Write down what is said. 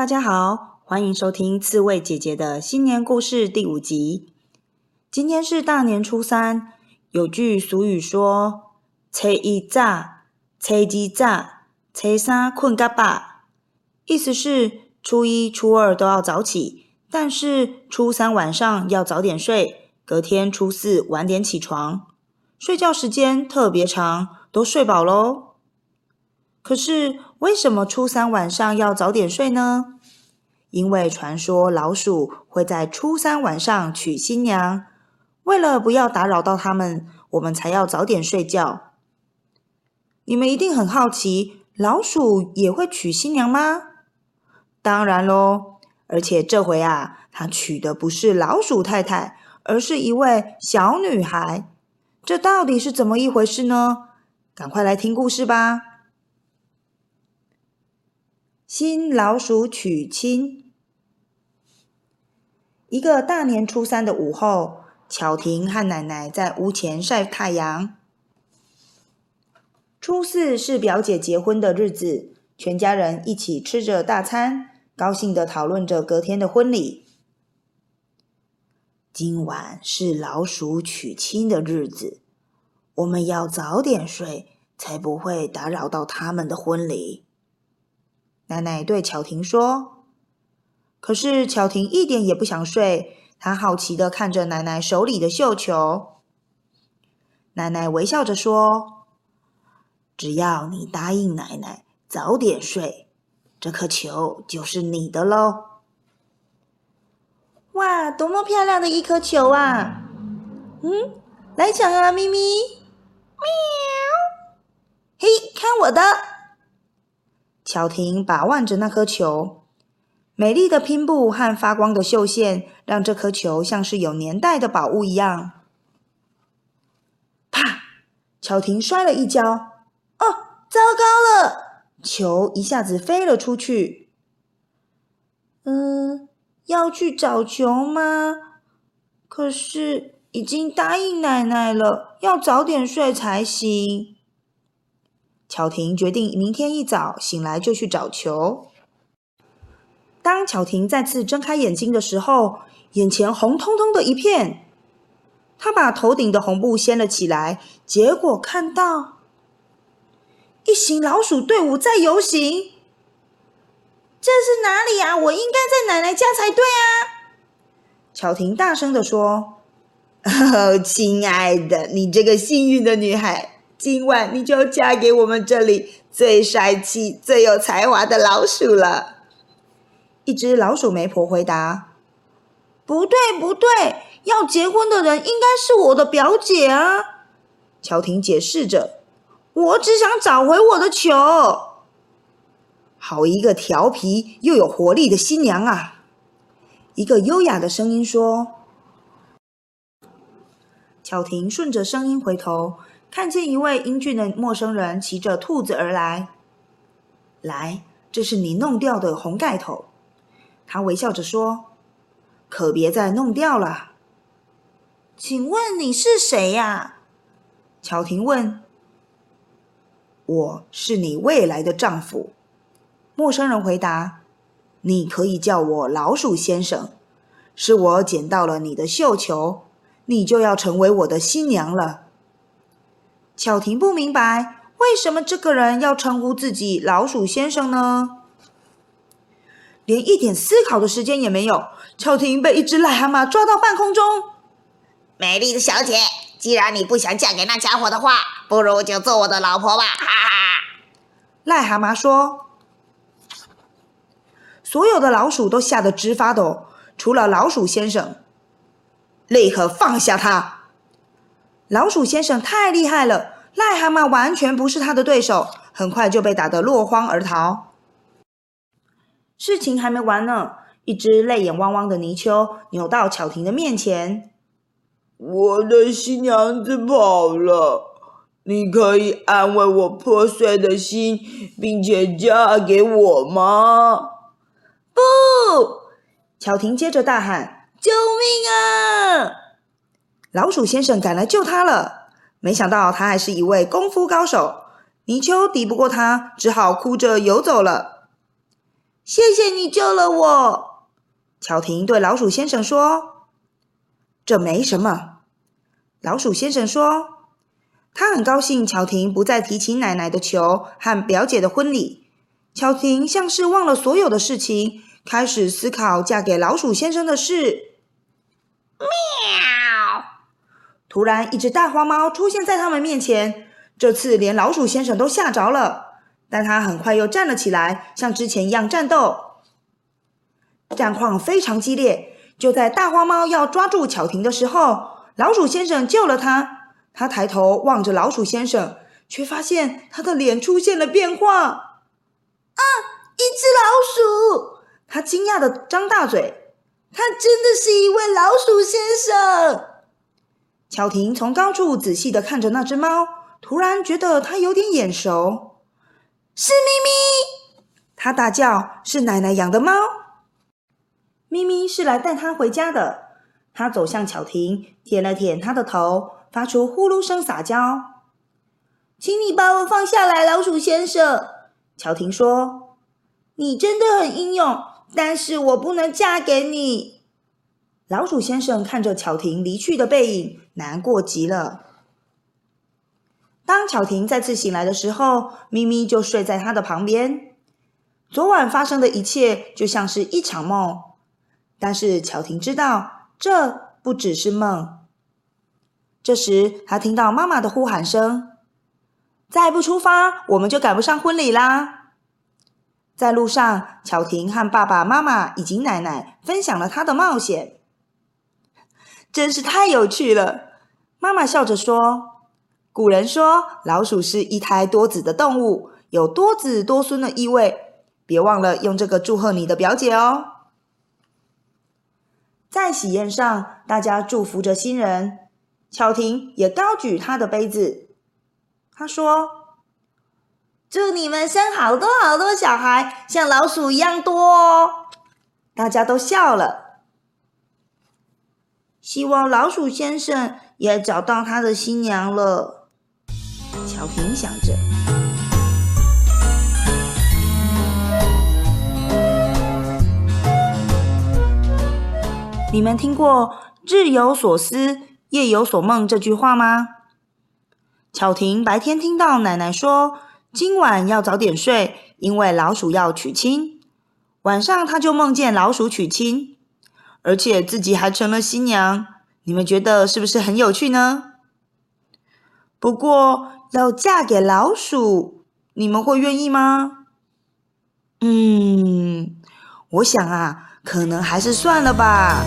大家好，歡迎收聽刺蝟姐姐的新年故事第五集。今天是大年初三，有句俗語說：“初一早，初二早，初三睏到飽。”意思是初一、初二都要早起，但是初三晚上要早點睡，隔天初四晚點起床，睡覺時間特別長，都睡飽嘍。可是為什麼初三晚上要早點睡呢？因為傳說老鼠會在初三晚上娶新娘，為了不要打擾到他們，我們才要早點睡覺。你們一定很好奇，老鼠也會娶新娘嗎？當然嘍！而且這回啊，他娶的不是老鼠太太，而是一位小女孩。這到底是怎麼一回事呢？趕快來聽故事吧！新老鼠娶親。一個大年初三的午後，巧婷和奶奶在屋前曬太陽。初四是表姐結婚的日子，全家人一起吃着大餐，高興地討論着隔天的婚禮。今晚是老鼠娶親的日子，我們要早點睡，才不會打擾到他們的婚禮。奶奶對巧婷說：“可是巧婷一點也不想睡，她好奇的看着奶奶手裡的繡球。”奶奶微笑着說：“只要你答應奶奶早點睡，這顆球就是你的嘍。”哇，多麼漂亮的一顆球啊！嗯，來搶啊，咪咪！喵！嘿，看我的！喬婷把玩着那顆球，美麗的拼布和發光的繡線讓這顆球像是有年代的寶物一樣。啪！喬婷摔了一跤。哦，糟糕了！球一下子飛了出去。嗯，要去找球嗎？可是已經答應奶奶了，要早點睡才行。巧婷決定明天一早醒來就去找球。當巧婷再次睜開眼睛的時候，眼前紅彤彤的一片。她把頭頂的紅布掀了起來，結果看到一行老鼠隊伍在遊行。這是哪裡啊？我應該在奶奶家才對啊！巧婷大聲地說呵呵：“親愛的，你這個幸運的女孩。”今晚你就要嫁給我們這裡最帥氣、最有才華的老鼠了。一隻老鼠媒婆回答：“不對，不對，要結婚的人應該是我的表姐啊。”喬婷解釋着：“我只想找回我的球。”好一個調皮又有活力的新娘啊！一個優雅的聲音說。喬婷順着聲音回頭。看見一位英俊的陌生人騎着兔子而來，來，這是你弄掉的紅蓋頭。他微笑着說：“可別再弄掉了。”請問你是誰呀？喬婷問。“我是你未來的丈夫。”陌生人回答。“你可以叫我老鼠先生，是我撿到了你的繡球，你就要成為我的新娘了。”小婷不明白為什麼這個人要稱呼自己“老鼠先生”呢？連一點思考的時間也沒有。小婷被一隻癩蛤蟆抓到半空中。美麗的小姐，既然你不想嫁給那家伙的話，不如就做我的老婆吧！哈哈！癩蛤蟆說。所有的老鼠都嚇得直發抖，除了老鼠先生。立刻放下他！老鼠先生太厲害了。癩蛤蟆完全不是他的對手，很快就被打得落荒而逃。事情還沒完呢，一隻淚眼汪汪的泥鰍扭到巧婷的面前：“我的新娘子跑了，你可以安慰我破碎的心，並且嫁給我嗎？”不！巧婷接着大喊：“救命啊！”老鼠先生趕來救她了。沒想到他還是一位功夫高手，泥鰍敵不過他，只好哭着游走了。謝謝你救了我。喬婷對老鼠先生說。這沒什麼，老鼠先生說。他很高興喬婷不再提起奶奶的球和表姐的婚禮。喬婷像是忘了所有的事情，開始思考嫁給老鼠先生的事。突然，一隻大花貓出現在他們面前。這次，連老鼠先生都嚇着了。但他很快又站了起來，像之前一樣戰鬥。戰況非常激烈。就在大花貓要抓住巧婷的時候，老鼠先生救了他。他抬頭望着老鼠先生，卻發現他的臉出現了變化。啊！一隻老鼠！他驚訝地張大嘴。他真的是一位老鼠先生。喬婷從高處仔細地看着那隻貓，突然覺得它有點眼熟。是咪咪！她大叫：“是奶奶養的貓，咪咪是來帶她回家的。”它走向巧婷，舔了舔她的頭，發出呼嚕聲撒嬌。“請你把我放下來，老鼠先生。”喬婷說，“你真的很英勇，但是我不能嫁給你。”老鼠先生看着巧婷離去的背影，難過極了。當巧婷再次醒來的時候，咪咪就睡在她的旁邊。昨晚發生的一切就像是一場夢，但是巧婷知道這不只是夢。這時，她聽到媽媽的呼喊聲：“再不出發，我們就趕不上婚禮啦！”在路上，巧婷和爸爸媽媽以及奶奶分享了她的冒險。真是太有趣了，媽媽笑着說：“古人說，老鼠是一胎多子的動物，有多子多孫的意味。別忘了用這個祝賀你的表姐哦。”在喜宴上，大家祝福着新人，巧婷也高舉她的杯子，她說：“祝你們生好多好多小孩，像老鼠一樣多哦。”大家都笑了。希望老鼠先生也找到他的新娘了。巧婷想着。你們聽過“日有所思，夜有所夢”這句話嗎？巧婷白天聽到奶奶說今晚要早點睡，因為老鼠要娶親。晚上她就夢見老鼠娶親。而且自己還成了新娘，你們覺得是不是很有趣呢？不過要嫁給老鼠，你們會願意嗎？嗯，我想啊，可能還是算了吧。